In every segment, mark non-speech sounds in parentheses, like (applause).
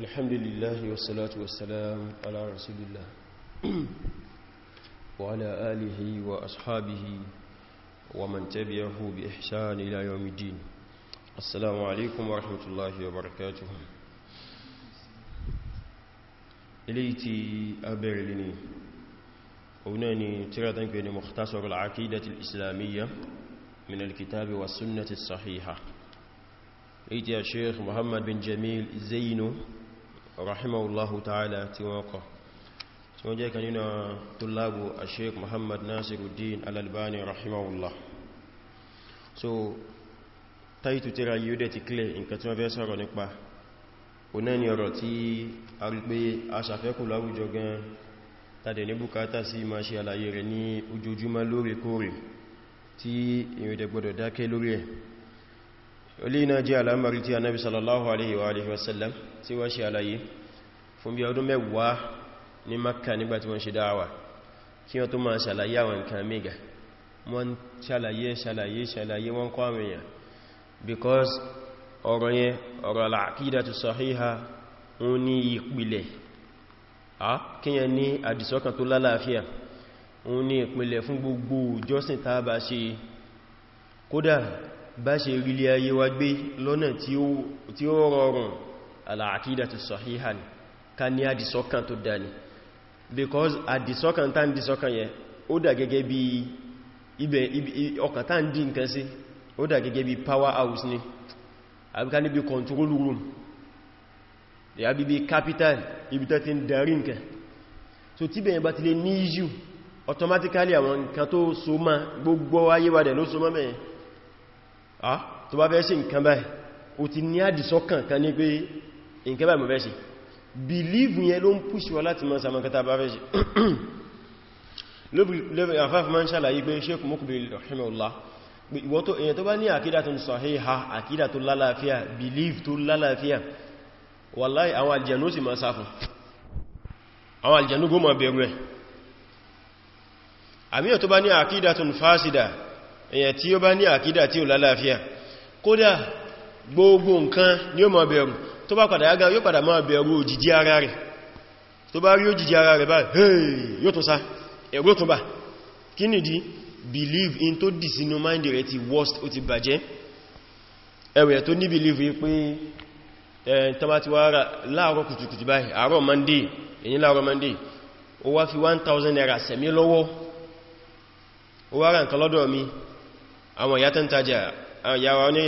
الحمد لله والصلاة والسلام على رسول الله (clears throat) وعلى آله وأصحابه ومن تبعه بإحسان إلى يوم الدين السلام عليكم ورحمة الله وبركاته إليتي أبرلني هناني ترى بين مختصر العقيدة الإسلامية من الكتاب والسنة الصحيحة إليتي الشيخ محمد بن جميل زينو rahimahullahu ta'ala tí wọ́n kọ tí wọ́n jẹ́ kan nínú tulabu a sheik muhammad nasiruddin al rahimahullah so taitu tírà yíó dẹ̀ ti clear nǹkan tí wọ́n fẹ́ sọ̀rọ̀ nípa onáni ọ̀rọ̀ tí a rí pé a sàfẹ́kù láwùjọ gan tàdẹ̀ ní bùkátà sí ma ṣe àlàyé rẹ̀ ní ojoojúmọ́ lóòrèkóòrè tí ìrìnlẹ̀ gbọdọ̀ dákẹ́ lórí ẹ̀ olè náà jẹ́ alamari tí anábi sallallahu alaihi wa alihi tí wọ́n ṣe àlàyé fún bí ọdún mẹ́wàá ní Makka nígbàtí wọ́n ṣe dáwà kí wọ́n tó máa ṣàlàyé àwọn nǹkan mẹ́gà wọ́n ṣàlàyé ṣàlàyé ṣàlàyé wọ́n kọ́ àwọn because ọ̀rọ̀ yẹn ọ̀rọ̀ al sahiha wọ́n ní ìpìlẹ̀ kíyàn ní àdìsọ́kàn tó lálàáfíà wọ́n ní ìpìlẹ̀ fún gbogbo ìjọsìn tá bá ṣe kódà bá tí ó rọrùn al-aqidatu sahiha ni ká ní àdìsọ́kàn tó dá ní because àdìsọ́kàn tá ń dìsọ́kàn yẹ ó dà gẹ́gẹ́ bí ibẹ̀ ọkàn tá ń dì nǹkan sí ó dà gẹ́gẹ́ bí power house ni àbíká níbi control room ya bí bí capital ibi tó ti ń darí nǹkan so tí bẹ̀yẹn bá ti lè ní issue automatically àwọn nǹkan to so ma gbogbo ayébadẹ̀ ló so mọ́ mẹ́yẹn ah to bá fẹ́ ṣe nǹkan báyìí ó ti ní àdìsọ́kàn kan ní pé nǹkan bá mọ̀ fẹ́ ṣe believe yẹn ló ń pùsù wá láti mọ́ sàmọ́kátà bá fẹ́ ṣe (clears throat) lóbi àfáfí máa ń ṣàlàyé pé Sheikh Muqbil rahimahullah ìwọ tó èyàn tó bá ní àkídà tó sahiha àkídà tó lálàáfíà believe tó lálàáfíà wallahi àwọn àlùjànnú sì máa sáfún àwọn àlùjànnú gó máa bẹ̀rù ẹ̀ àmìyàn tó bá ní àkídà tó fásídà èyàn tí ó bá ní àkídà tí ó lálàáfíà kódà gbogbo nǹkan ni ó máa bẹ̀rù tó bá padà yága yóò padà máa bẹ̀rù òjìjí ara rẹ̀ tó bá rí òjìjí ara rẹ̀ báyìí yóò tún sá ẹ̀rọ believe in tó dì sínú mind worst ó ti bàjẹ́ believe pé tamatiwara láàárọ̀ kùtùkùtù báyìí àárọ̀ Monday èyí láàárọ̀ Monday wá fi 1000 naira sẹ̀mí lọ́wọ́ ó wá ra nǹkan lọ́dọ̀ mi àwọn ìyá tẹ́ntajà àwọn ìyá wa ní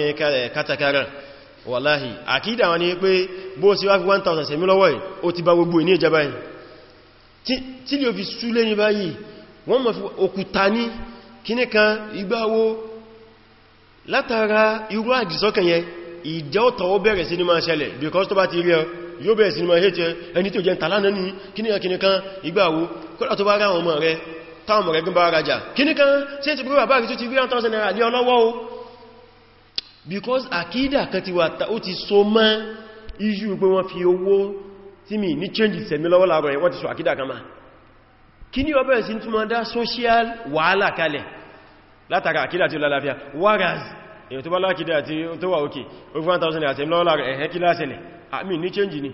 kátàkárà wàláhì àkídà wọn ni pé bó sí wá fi 1000 sẹ̀mí lọ́wọ́ ẹ̀ ó ti bá gbogbo ní ìjẹba ẹ̀ tí lè fi súlé ní báyìí wọ́n mọ̀ fi òkúta ní kíní kan ìgbàwo látara irú àdìsọ́kàn yẹn ìjẹ́ ọ̀tọ̀ ó bẹ̀rẹ̀ sí ní máa ṣẹlẹ̀ because tó bá ti rí ọ yóò bẹ̀rẹ̀ 1000 naira lé ọlọ́wọ́ because Akida kan ti wà ó ti so mọ́ iṣu pé wọ́n fi owó tí mi ní change ìsẹ̀mí lọ́wọ́ láàrọ̀ ẹ̀wọ́n ti so àkídà kan ma kí ní ọbẹ̀ sí túnmọ́ dá social wàhálà kalẹ̀ látara àkídà tí ó lálàáfíà whereas èyàn tó bá lákídà tí ó tó wà òkè over 1000 àti lọ́wọ́ kila ẹ̀hẹ́ kí lásẹ̀lẹ̀ àmì ní change ni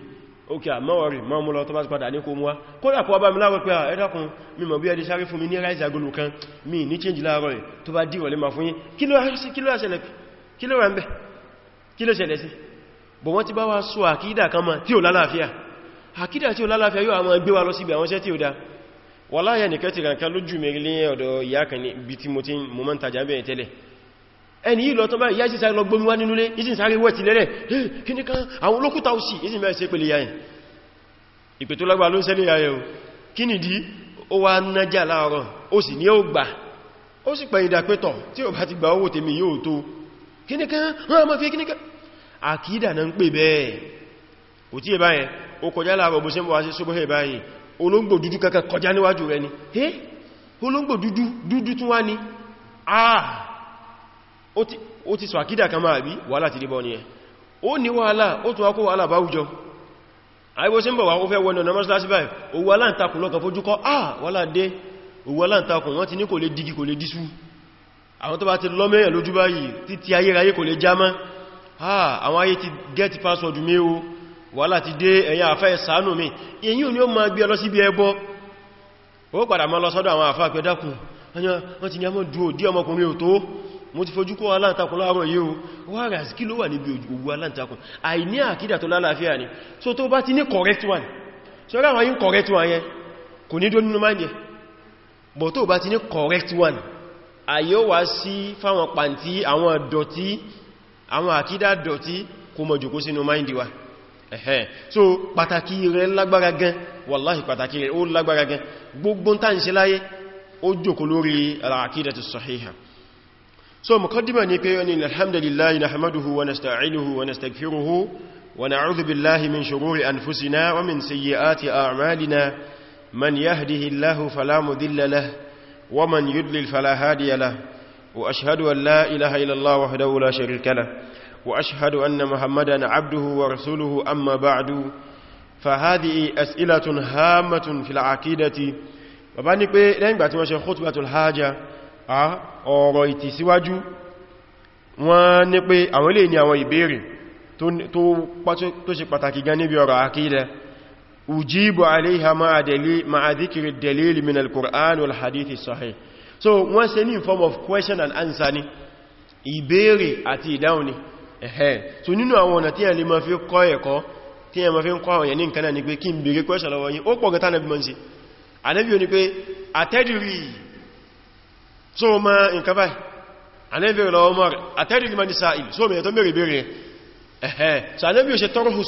òkè àmọ́wọ̀rì ma mú lọ tó bá ti padà ní kó mú wá kódà kó bá mi láwọ́ pé ẹ̀dàkùn mi mọ̀ bí ẹ̀dì sáré fún mi ní ráìsì agolo kan mi ní change láàrọ̀ ẹ̀ tó bá dìwọ̀lé ma Kilo yí kí ló ṣẹlẹ̀ kí ló wà ń bẹ̀ kí ló ṣẹlẹ̀ sí bọ̀ wọ́n ti bá wá sọ àkídà kan mọ́ tí ò lálàáfíà àkídà tí ò lálàáfíà yóò àwọn gbé wa lọ síbi àwọn iṣẹ́ tí ò dá wà láyẹ̀ nìkan ti rànkan lójú mẹ́rin lẹ́yìn ọ̀dọ̀ ìyá kan ní ibi tí mo ti mọ́ mọ́ ń tajà bẹ́ẹ̀ tẹ́lẹ̀ ẹni yìí lọ tán báyìí yáìsí sáré lọ gbómi wá nínú lé ìsìn sáré wẹ̀ tí lẹ́lẹ̀ eh, kí ní kan àwọn olókúta òsì ìsìn bẹ́ẹ̀ sí pẹ̀lú ìyá yìí ìpè tó o kí ni dí ó wá nájà láàárọ̀ ó sì ní ó gbà ó sì pẹ̀yìndà pẹ́tọ̀ tí ó bá ti gba owó tèmi yóò tó kíníkan wọ́n mọ́ fi kíníkan àkídà na ń pè bẹ́ẹ̀ kò tí è báyẹn ó kọjá láàrọ̀ bó olóngbò dúdú kankan kọjá níwájú rẹ ni hé olóngbò dúdú dúdú tún wá ní àà ah! ó ti sọ àkídà kan máa bí wàhálà ti dìbọn ni ẹ ó ní wàhálà ó tún wá kó wàhálà báwùjọ àìbó sí ń bọ̀ wá ó fẹ́ ah! wọ́n ọ̀nà mọ́sílásí báyìí owó aláǹtakùn lọ́kàn fójúkọ́ àà digi kò lè àwọn tó bá ti lọ́mẹ́yàn lójú báyìí títí ayérayé kò lè já mọ́ àwọn ayé ti get password mi o wàhálà ti dé ẹ̀yin àfẹ́ ìsànù mi èyí ni ó ma gbé ọlọ́ sí ibi ẹbọ ó padà mọ́ lọ sọ́dọ̀ àwọn àfá pẹ̀dákùn wọ́n ti ní àmọ́ dúó dí ọmọkùnrin ò tó mo ti fojú kó aláǹtakùn láàárọ̀ yìí o wà rà sí kí ló wà níbi òwú aláǹtakùn àìní àkídà tó lálàáfíà ni so tó bá ti ní correct one so ráwọn yí correct one yẹn kò ní dó nínú máa yẹ bọ̀ tó bá ti ní correct one àyó wá sí fáwọn pàntí àwọn dọ̀tí àwọn àkídà dọ̀tí kó mọ̀ jùkú sínú máìndì ẹ̀hẹ́ so pàtàkì rẹ̀ lágbára gan wàláhì pàtàkì rẹ̀ ó lágbára gan gbogbo tá ń ṣe láyé ó jòkó lórí àkídà tó sọ̀híhà so mukaddima ni pé yọni alhamdulillahi nahmaduhu wa nasta'inuhu wa nastaghfiruhu wa na'udhu billahi min shururi anfusina wa min sayyiati a'malina man yahdihillahu ومن يدلل فلا هادي له وأشهد أن لا إله إلا الله وحده لا شريك له وأشهد أن محمدا عبده ورسوله أما بعد فهذه أسئلة هامة في العقيدة bàbá ní pé lẹ́yìn ìgbà tí wọ́n ṣe khutbatul hajjá ọ̀rọ̀ ìtìsíwájú wọ́n ní pé àwọn ilé ní àwọn ìbéèrè tó ṣe pàtàkì gan níbi ọ̀rọ̀ àkídà ujibu alaiha ma'a dhikri dalil min al-qur'an wal hadith sahih so wọ́n ṣe ní form of question and answer ni ìbéèrè àti ìdáhùn ni ẹ̀hẹ́ so nínú àwọn ọ̀nà tí a lè máa fi kọ́ ẹ̀kọ́ tí a máa fi ń kọ́ àwọn yẹn ní nǹkan náà ni pé kí n béèrè so ma nǹkan báyìí Ànábì lọ́wọ́ mọ́ àtẹ́dìrí ma ní so mẹ́ẹ̀tọ́ mẹ́rẹ̀ bèèrè so Ànábì ó ṣe tarhu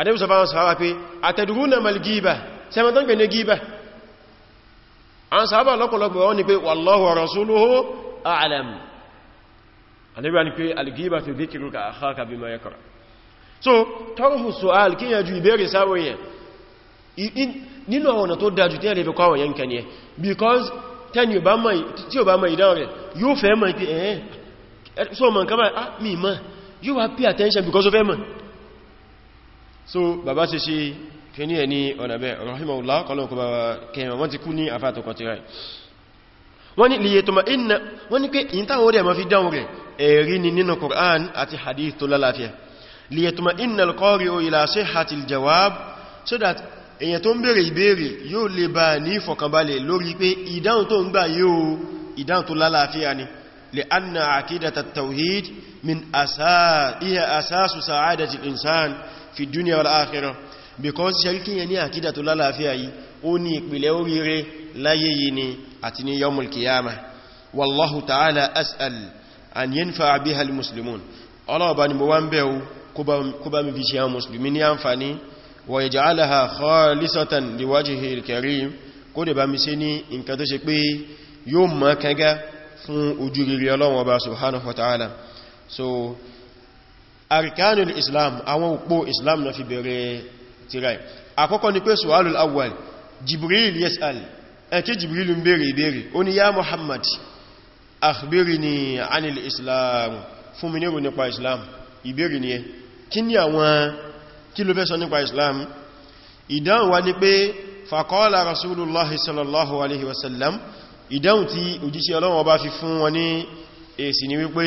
adébù sọ fáwọn sàhábà pé àtẹ̀dùrúnà malgíba sẹ́mọ̀ tó ń pè ní gíba àwọn sàhábà lọ́pọ̀lọpọ̀ wọ́n ní pé wallahu wa rasuluhu a'lam adébà ní pé algíba tó so tarhu su'al kí yàjú ìbẹ̀rẹ̀ sáwọn yẹn nínú àwọn ọ̀nà tó tí a because tẹni tí ò bá mọ̀ ìdáwọn rẹ̀ yóò fẹ́ mọ̀ ìpé ẹ̀ẹ́ so mọ̀ nǹkan bá ah, mi mọ̀ yóò wá pay attention because of ẹ̀mọ̀ so bàbá ṣe ṣe kìíní ẹ̀ ní ọ̀nà bẹ́ rahimahullah kọlọ̀kọ̀ bàbá kẹwọn wọ́n ti kú ní àfàtọ̀kọ̀ ti ráì wọ́n ni lè tó ma iná wọ́n ni pé ìyíntà orí ẹ̀ ma fi dáhùn rẹ̀ ẹ̀rí ni nínú Qur'an àti hadith tó lálàáfíà lè tó ma iná al-qari'u ila sihhati al-jawab so that èyàn tó ń bèèrè ìbéèrè yóò lè bá ní ìfọ̀kànbalẹ̀ lórí pé ìdáhùn tó ń gbà yóò ìdáhùn tó lálàáfíà ni lè anna aqidata at-tawhid min asas iya asasu sa'adati al-insan fi dunya wal because ṣe kí yẹn ní àkídà tó lálàáfíà yìí ó ní ìpìlẹ̀ oríire láyé yìí ni àti ní yawmul qiyamah wallahu ta'ala as'al an yanfa biha al-muslimun ọlọ́ọ̀bá ni mo wá ń bẹ̀rù kó bá mi fi ṣe àwọn musulmi ní àǹfàní wa yaj'alaha khalisatan liwajhihi al-karim kó dẹ̀ bá so arkanul islam àwọn òpó islam na fi bẹ̀rẹ̀ tirai àkọ́kọ́ ni pé su'alul awwal jibril Yesal, ẹ̀kẹ́ jibril ń bèèrè ìbèèrè ó ní ya muhammad akhbirni anil islam fún mi nírò nípa islam ìbèèrè ni ẹ kí ni àwọn kí ló islam ìdáhùn wa ni pé faqala rasulullah sallallahu alaihi wasallam ìdáhùn tí òjíṣẹ́ ọlọ́wọ́ bá fi fún wọn ní ni wípé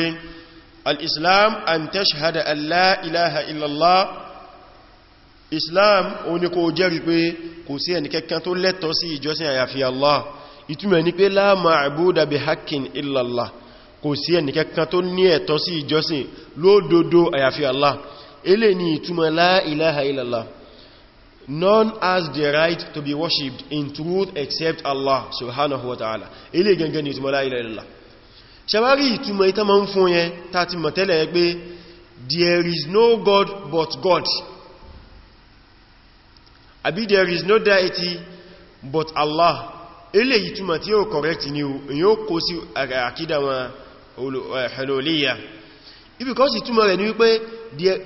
al'islam an tashhada an la ilaha illallah islam ó ní kó jẹ́rìí pé kò sí ẹni kankan tó lẹ́tọ̀ọ́ sí ìjọsìn àyàfi allah ìtumọ̀ ni pé la ma'buda bi haqqin illallah kò sí ẹni kankan tó ní ẹ̀tọ́ sí ìjọsìn lódodo àyàfi allah ele ni ìtumọ̀ la ilaha illallah none has the right to be worshipped in truth except allah subhanahu wa ta'ala ele gangan ni ìtumọ̀ la ilaha illallah ṣẹwárí ìtumọ̀ ìtàn ma ń fún yẹn tàti mọ̀ tẹ́lẹ̀ ẹ there is no God but God àbí there is no deity but Allah ilé ìtumọ̀ tí ó correct ni yóò kó sí àkídà wọn hululiyya eh, because ìtumọ̀ rẹ̀ ni wípé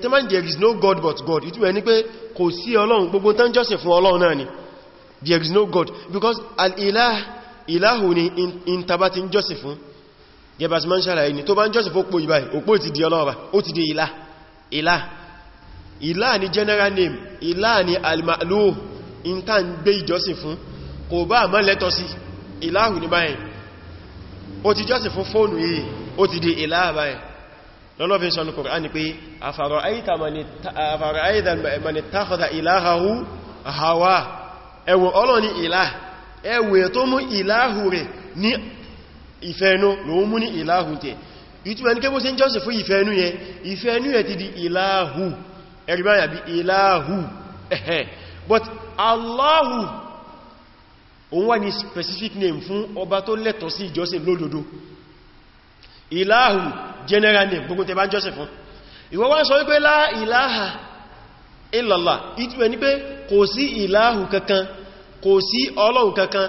tẹ́mán there is no God but God ìtumọ̀ ni pé kò sí ọlọ́run gbogbo tán jọ́sìn fún ọlọ́run náà ni there is no God because al-ilah ilahu ni in in tabatin jọ́sìn gẹbàsí ma ń ṣàlàyé ní tó bá ń jọ́sìn fún òpó ìbáyìí òpó ti di ọlọ́ọ̀bá ó ti di ìlà ìlà ìlà ni general name ìlà ni almalu in ta ń gbé ìjọ́sìn fún kò bá mọ́ lẹ́tọ́ sí ìlàhù ní báyìí ó ti jọ́sìn fún fóònù yìí ó ti di ìlà báyìí lọ́lọ́fin sọ ní Kùránì ni pé afara'ayta man ittakhadha ilahahu hawa ìfẹ́ẹnú lòun mú ní ìláhù tẹ̀ ìtumẹ̀ ní kébó sí ń jọ́sìn fún ìfẹ́ẹnú yẹn ìfẹ́ẹnú yẹn ti di ìláhù ẹ̀rìbáyà bí ìláhù ẹ̀hẹ́ but Allahu òun wà ní specific name fún ọba tó lẹ́tọ̀ọ́ sí ìjọ́sìn lódodo ìláhù general name gbogbo tẹ bá ń jọ́sìn fún ìwọ wá sọ wípé lá ìláhà illallah ìtumẹ̀ ní pé kò sí ìláhù kankan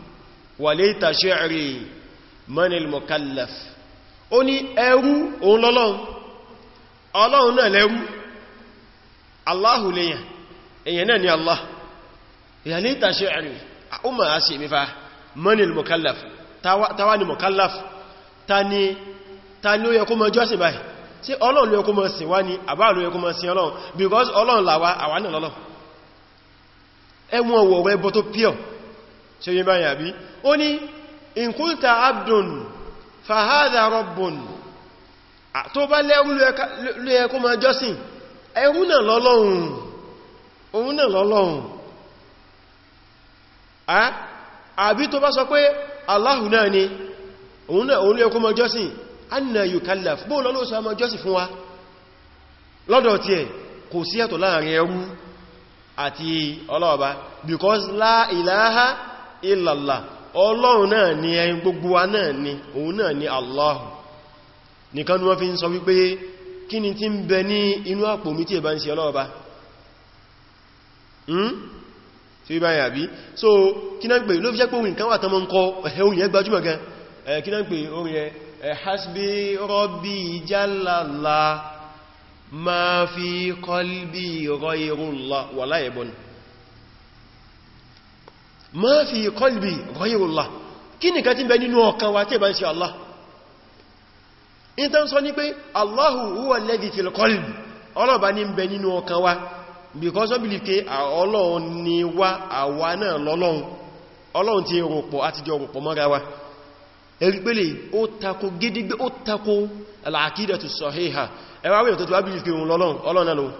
wàléta ṣe'rí manil mukallaf ó ní ẹrú òun lọ́lọ́run ọlọ́run náà lẹ́rú Allahu lèyàn èyàn náà ni Allah yàléta ṣe'rí àúmà á sì mifá manil mukallaf tawa ni mukallaf ta ni ta ni ó yẹ kó mọ jọ́sìn báyìí sí ọlọ́run ló yẹ tó pure ṣe yí báyìí àbí ó ní in qulta abdun fahadha rabbun tó bá lẹ́rú ló yẹ kó máa jọ́sìn ẹrú náà lọ́lọ́hun òun náà lọ́lọ́hun àbí tó bá sọ pé Allahu náà ni òun náà òun ló yẹ kó máa jọ́sìn anna yukallaf bóò fún lọ́dọ̀ tí ẹ̀ kò sí ẹ̀tọ́ láàrin ẹrú àti ọlọ́ọ̀bá because la ilaha ìlàlá ọlọ́run náà ni ẹ̀yin gbogbo wa náà ni òun náà ni Allah nìkan ni wọ́n fi ń sọ wípé kí ni tí ń bẹ ní inú àpò mi tí ń ṣe ọlọ́ọ̀bá hmm? tí ìbá yà bí so kí náà pè ló fi jẹ́ pé òun kan wà tán mọ́ ń kọ ẹ̀hẹ́ òun yẹn gbajúmọ̀ gan eh, kí náà pè ma fi qalbi ghayrullah kí ni ka ti bẹ nínú ọkàn wa tí bá ń ṣe Allah in sọ ní pé Allahu huwa alladhi fil ọlọ́ba ní bẹ nínú wa because of belief pé Ọlọ́run ni wa àwa náà lọ́lọ́run ti rọ̀pọ̀ mọ́ra wa erigbele ó tako gédígbé ó tako al sahiha ẹwà wíyàn tó tó Ọlọ́run náà lọ́wọ́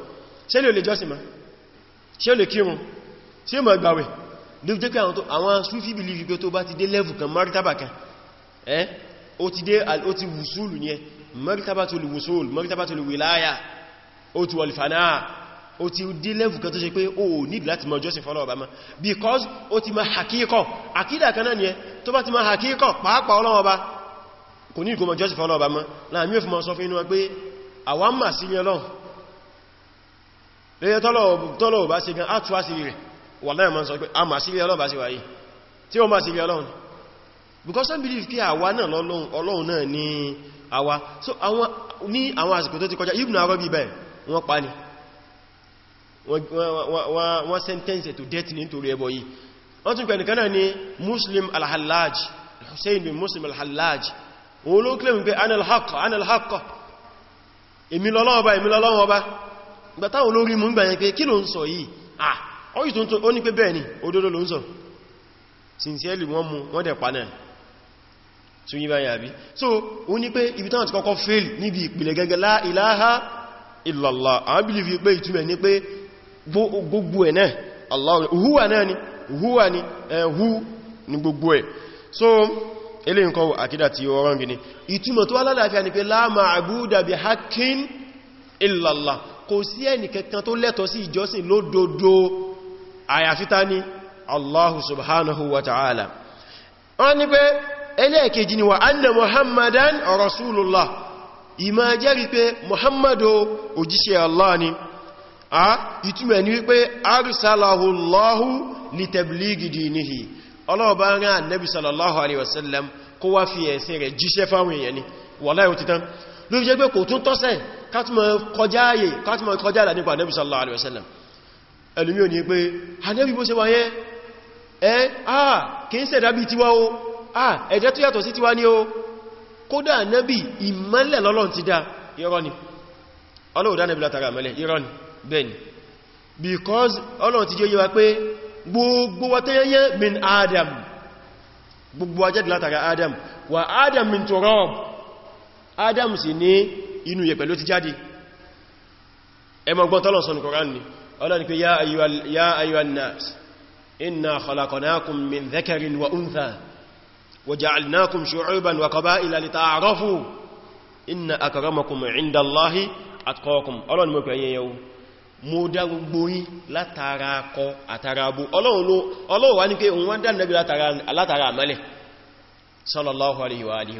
ló jẹ́ pé àwọn Sufi believe pé tó bá ti dé level kan martaba kan ẹ́ ó ti dé ó ti wùsùlù ní ẹ martaba tó lè wùsùlù martaba tó lè wìláyà o ti wọlìfàná ó ti dé level kan tó ṣe pé ó ní láti mọ jọ́sìn fọ́lọ́ mọ́ because ó ma hakíkọ́ àkídà kan náà ni ti ma hakíkọ́ pàápàá ọlọ́wọ́ ba kò ní ìkọmọ jọ́sìn fọ́lọ́ ọba mọ́ láàmí òfin mọ́ sọ fún inú wọn pé àwọn mà sí ní ọlọ́run lẹ́yẹ tọ́lọ̀ bá wàláyé ma ń sọ pé a máa sí because some believe pé àwa náà lọ́lọ́run ọlọ́run náà ní àwa so àwọn ní àwọn àsìkò tó ti kọjá Ibn Arabi bẹ́ẹ̀ wọ́n pa ni wọ́n sentence to death nítorí ẹbọ yìí wọ́n tún pẹ̀lú kanáà ni Muslim al-Hallaj Hussein bin Muslim al-Hallaj òun ló claim pé ana al-haqq ana al-haqq èmi lọ́lọ́wọ́ bá èmi olórin mú gbàyẹn pé kí ló ń sọ yìí ah ó yìí tó ń tó ó ní pé bẹ́ẹ̀ ni òdodo ló ń sọ sincerely wọ́n mú wọ́n dẹ̀ panel tún yí báyìí àbí so ó ní pé ibi táwọn ti kọ́kọ́ fail níbi ìpìlẹ̀ gẹ́gẹ́ la ilaha illallah àwọn believe pé ìtumẹ̀ ní pé gbogbo ẹ̀ náà Allah huwa náà ni huwa ni eh, hu ni gbogbo ẹ̀ so ilé nǹkan àkídà tí ó rán gini ìtumọ̀ ni pé la ma'buda bi haqqin illallah kò sí ẹnìkẹ́kan tó lẹ́tọ̀ọ́ sí ìjọsìn lódodo àyàfíta ní allahu subhanahu wa ta'ala wọ́n ní pé ẹlẹ́ẹ̀kejì ni wa anna muhammadan rasulullah ìmá jẹ́rìí pé muhammadu òjíṣẹ́ allah ni a ìtumẹ̀ ní wípé arsalahullahu litabligi dinihi ọlọ́ọ̀bá rán annabi sallallahu alaihi wasallam kó wá fi ẹ̀sìn rẹ̀ jíṣẹ́ fáwọn èèyàn ni wàláhì ó ti tán jẹ́ pé kò tún tọ́sẹ̀ kátùmọ̀ kọjá nípa annabi sallallahu alaihi wasallam ẹlùmí ò ní pé ànábì bó ṣe wà yẹn ẹ́ àà kì í ṣẹ̀dá bí tiwa o àà ẹ̀dá tó yàtọ̀ sí tiwa ní o kódà ànábì ìmọ́lẹ̀ lọ́lọ́n ti dá irọ́ ni ọlọ́ọ̀dá ànábì látara ni because ọlọ́run ti jẹ́ yíwa pé gbogbo wátẹ́yẹyẹ min adam gbogbo ajẹ́ látara adam wà adam min adam sì ní inú yẹ̀pẹ̀ ló ti jáde ọlọ́ni pé ya ayyuhan nas inna khalaqnakum min dhakarin wa untha wa ja'alnakum shu'uban wa qaba'ila lita'arafu inna akramakum 'inda Allahi atqakum ọlọ́ni mọ́kù ẹyẹ yau mo dá gbogbo yín látara akọ àtara abo ọlọ́run wá ní pé òun wọ́n dá nẹ́bí látara àmẹ́lẹ̀ sallallahu alaihi wa alihi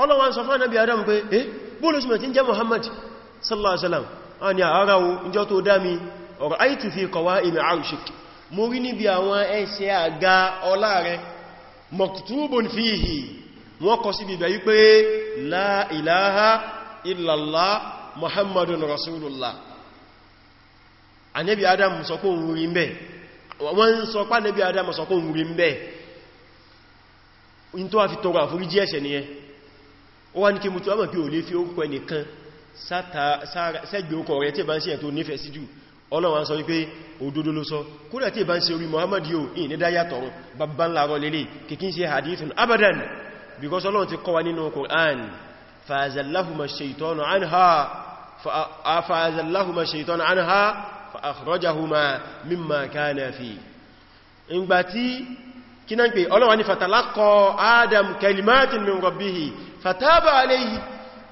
ọlọ́wọ́n sọ fún ànábì adam pé eh bóòlù sí mẹ́tí ń jẹ́ muhammad sallallahu alaihi wasallam a ni àárá wo ìjọ tó dámi ọ̀rọ̀ àìtù fi qawa'imi arshik mo rí níbi àwọn ẹsẹ̀ àga ọlá rẹ maktubun fihi wọ́n kọ sí bíbẹ̀ wípé la ilaha illallah muhammadun rasulullah ànábì adam sọ kó ń rí mbẹ̀ wọ́n sọ pá ànábì adam sọ kó ń rí mbẹ̀ tó wà fi tọrọ àforíjì ẹ̀ṣẹ̀ nìyẹn ó wá ní kí mutu ọmọ kí o lè fi ó pẹ nìkan sẹ́gbẹ̀ okọ̀ rẹ̀ tí bá ń ṣe ẹ̀tọ́ nífẹ̀ẹ́ sí jù Ọlọ́run sọ wípé òdodo ló sọ kúrò tí bá ń ṣe orí Muhammad yóò ní dáyàtọ̀run babban láàrọ̀ lélẹ̀ kìkín kí náà pé Ọlọ́run ni fatalaqqa Adam kalimatin min rabbihi fataba alayhi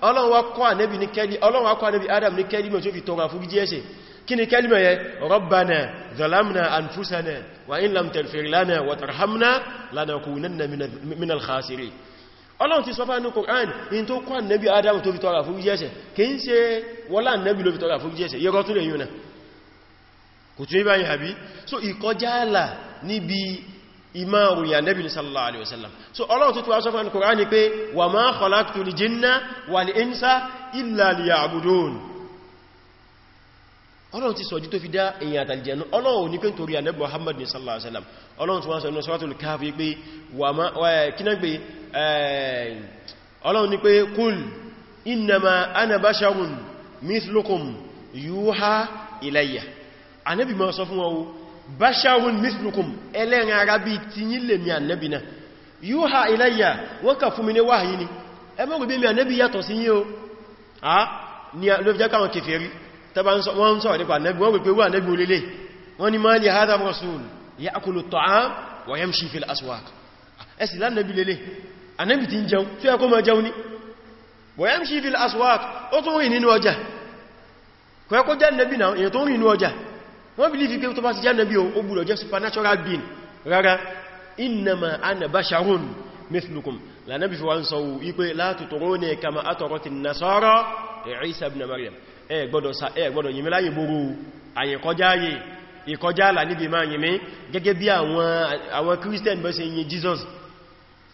ọlọ́run wá kọ́ ànẹ́bì ní kẹ́lì ọlọ́run wá kọ́ ànẹ́bì adam ní kẹ́lì mọ̀ tí ó fi tọrọ àfúrí jẹ́ẹ̀ṣẹ̀ kí ni kẹ́lì mẹ́yẹ rabbana zalamna anfusana wa in lam taghfir wa tarhamna lanakunanna minal khasirin ìmáàrùn yà nẹ́bìn sallallahu alaihi wasallam so ọlọ́run tó tó wá sọ fún al-Qur'an ni pé wa ma khalaqtu al-jinna wal-insa illa liya'budun ọlọ́run ti sọ̀jú tó fi dá èyàn àtàlìjẹ̀nú ọlọ́run ní pé torí ànẹ́bì Muhammad ní sallallahu alaihi wasallam ọlọ́run tó wá sọ ní basharun mislukum ẹlẹ́rin ara bí ti yí lè mi annabi na yóò ha ilayya wọ́n kà fún mi ní wáyí ni ẹmọ́rù bí mi annabi yàtọ̀ sí yíó ha ni ló fi jẹ́ káwọn kèfèrí tàbá wọ́n sọ̀rọ̀ wọ́n pẹ̀lú wọ́n ni máa jẹ́ annabi náà èyàn tó rìn nínú ọjà wọ́n believe pé tó bá ti jẹ́ ànábì ó gbọ́dọ̀ jẹ́ supernatural being rárá innama ana basharun mithlukum lànàbí fi wọ́n sọ́wọ́ wípé la tuturuni kama atarati nasara Isa ibn Maryam ẹ gbọ́dọ̀ yìí láyé gbogbo àyẹ̀kọjáyé ìkọjáàlà níbi máa yìí gẹ́gẹ́ bí àwọn Christian bẹ́ ṣe yìn Jesus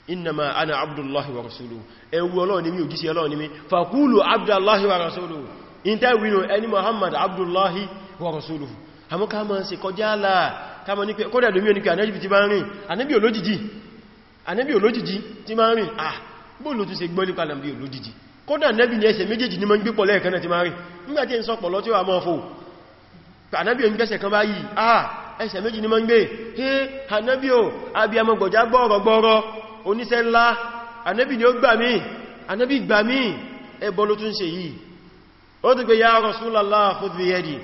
innama ana abdullahi wa Rasulu. ẹwu ọlọ́run ni mi ò gíṣẹ́ ọlọ́run ni mi faqulu abdullahi wa Rasulu. in ta wino ẹni Muhammad abdullahi wa Rasulu àmọ́ ká mọ́ sí kọjá àlà ká mọ́ ní pé kọ́dẹ̀ lómi ní pé ànẹ́bì ti bá ń rìn ànẹ́bì olójìjì ti máa rìn ah bó ló tún ṣe gbọ́ nípa ànẹ́bì olójìjì kọ́dẹ̀ ànẹ́bì ni ẹsẹ̀ méjèèjì ní mọ́ ń gbé pọ̀lẹ́ ẹ̀kan ti máa rìn nígbàtí ń sọ pọ̀lọ́ tí ó àmọ́ fò ànẹ́bì ah ẹsẹ̀ méjì ní mọ́ he ànẹ́bì ò àbí àmọ́ gbọ̀já gbọ́ọ̀rọ̀ gbọ́ọ̀rọ̀ oníṣẹ́ ńlá ànẹ́bì ni ó gbà mí ànẹ́bì gbà mí ẹbọ ló tún ti pé ya Rasulullah khudh bi yadi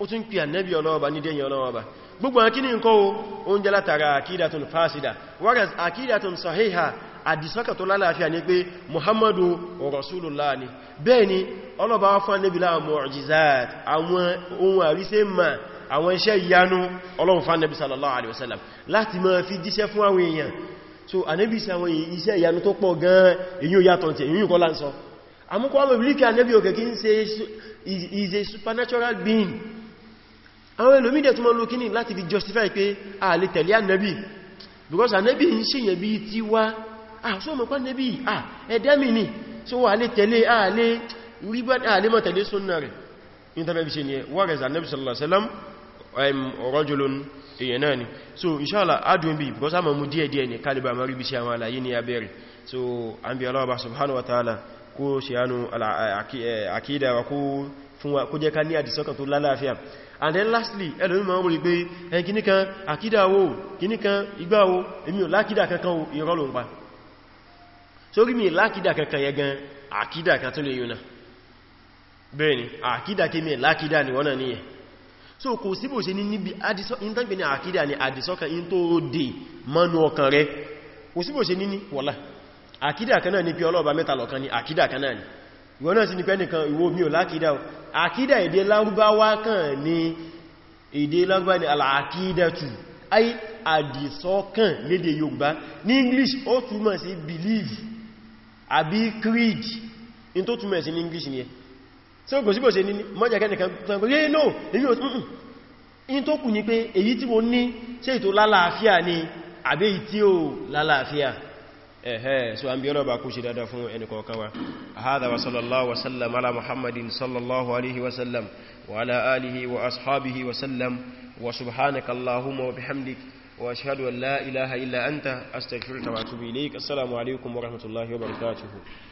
ó tún pè ànẹ́bí ọlọ́ọba ní dẹ́yìn ọlọ́ọba gbogbo àkíní nǹkan o oúnjẹ látara àkídàtún fásidà whereas àkídàtún sahiha àdìsọ́kà tó lálàáfíà ní pé muhammadu rasulullah ni bẹ́ẹ̀ ni ọlọ́ba fún ànẹ́bí láwọn mu'jizat àwọn ohun àrísẹ́ ma àwọn iṣẹ́ ìyanu ọlọ́run fún ànẹ́bí sallallahu alaihi wasallam láti fi jíṣẹ́ fún àwọn so ànẹ́bí sí àwọn iṣẹ́ ìyanu tó pọ̀ gan èyí ò yàtọ̀ tí èyí ò kọ́lá ń sọ is a supernatural being àwọn ẹlòmídẹ̀ tó mọ́ ló kíní láti fi justify pé a lè tẹ̀lé ànẹ́bì because ànẹ́bì ń ṣèyàn bí tí wá ah so mọ̀ pánẹ́bì ah ẹ̀dẹ́mì ni so wà lè tẹ̀lé a lè ríbọn a lè mọ̀ tẹ̀lé súnnà rẹ̀ in tàbí ṣe ni wọ́rẹ̀s ànẹ́bì sallallahu alaihi wasallam rajulun èyàn náà so inshallah adùn bí because a mọ̀ mú díẹ̀ díẹ̀ ni kálíbà mọ̀ so an bí Allah subhanahu wa ta'ala kó ṣe ánú àkídà wa kó jẹ́ ká ní àdìsọ́kàn tó lálàáfíà and then lastly ẹlòmí ma ń wòrì pé ẹn kìní kan àkídàwó kìní kan èmi ò kankan o ń pa sórí mi lákídà kankan yẹ gan àkídà kan tó lè yíò náà ni àkídà kí ni wọ́n náà so kò síbò ṣe ní níbi ìtàgbẹ̀ in tó dè mọ́nú ìwọ náà sí ní pẹ́nìkan ìwọ mi ò lákídà àkídà èdè lárúbáwá kan ní èdè lárúbá ní àlàkídà tù ayi àdìsọ́kàn lédè Yorùbá ní English ó túmọ̀ sí believe àbí creed in tó túmọ̀ sí ní English ni ẹ tí ó gòsígbò sí ní mọ́jẹ̀kẹ́ ẹ̀hẹ́ so an bí ba kú ṣe dada fún en ko kawa hádà wa sallallahu wa sallam ala muhammadin sallallahu alaihi wa sallam wa ala alihi wa ashabihi wa sallam wa subhanaka allahumma wa bihamdik wa ashhadu an la ilaha illa anta astaghfiruka wa atubu ilaik assalamu alaikum wa rahmatullahi wa barakatuh